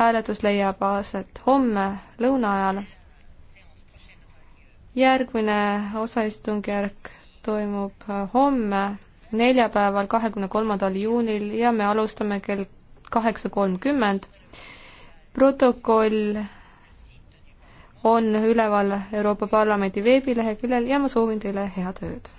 hääletus leiab aset homme lõuna ajal. järgmine osaistungjärk toimub homme, neljapäeval, kahekümne kolmandal juunil ja me alustame kell kaheksa kolmkümmend. protokoll on üleval Euroopa Parlamendi veebileheküljel ja ma soovin teile head ööd!